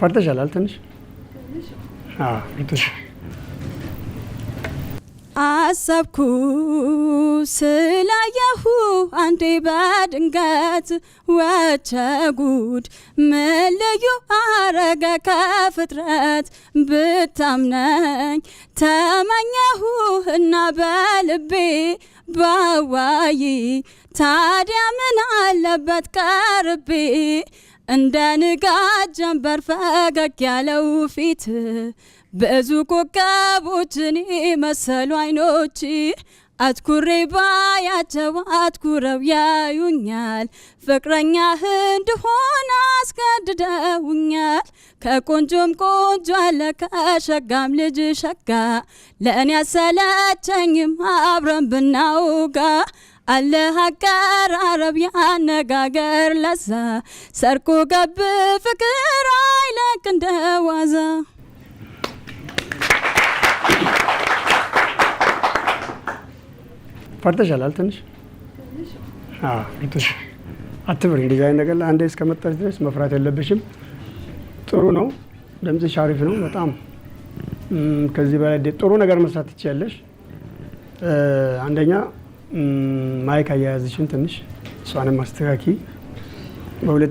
ፈርተሻል? ትንሽ ፈርተሻል። አሰብኩ ስላየሁ አንዴ በድንገት ወቸጉድ ምልዩ አረገ ከፍጥረት ብታምነኝ ተመኘሁ እና በልቤ ባዋይ ታዲያ ምን አለበት ቀርቤ እንደ ንጋት ጀንበር ፈገግ ያለው ፊት ብዙ ኮከቦችን መሰሉ አይኖች አትኩሬ ባያቸው አትኩረው ያዩኛል። ፍቅረኛህ እንድሆን አስገድደውኛል። ከቆንጆም ቆንጆ አለ ከሸጋም ልጅ ሸጋ ለእኔ አሰለቸኝም አብረን ብናውጋ አለ አቀራረብ ያነጋገር ለዛ ሰርኩ ገብ ፍቅር አይለቅ እንደዋዛ ፈርተሻላል ትንሽ አትፍሪ። እንደዚህ ዓይነት ነገር አንዴ እስከመጣች ድረስ መፍራት የለብሽም። ጥሩ ነው፣ ድምፅሽ አሪፍ ነው በጣም ከዚህ በላይ ጥሩ ነገር መስራት ትችያለሽ። አንደኛ ማይክ አያያዝሽን ትንሽ እሷንም አስተካኪ። በሁለት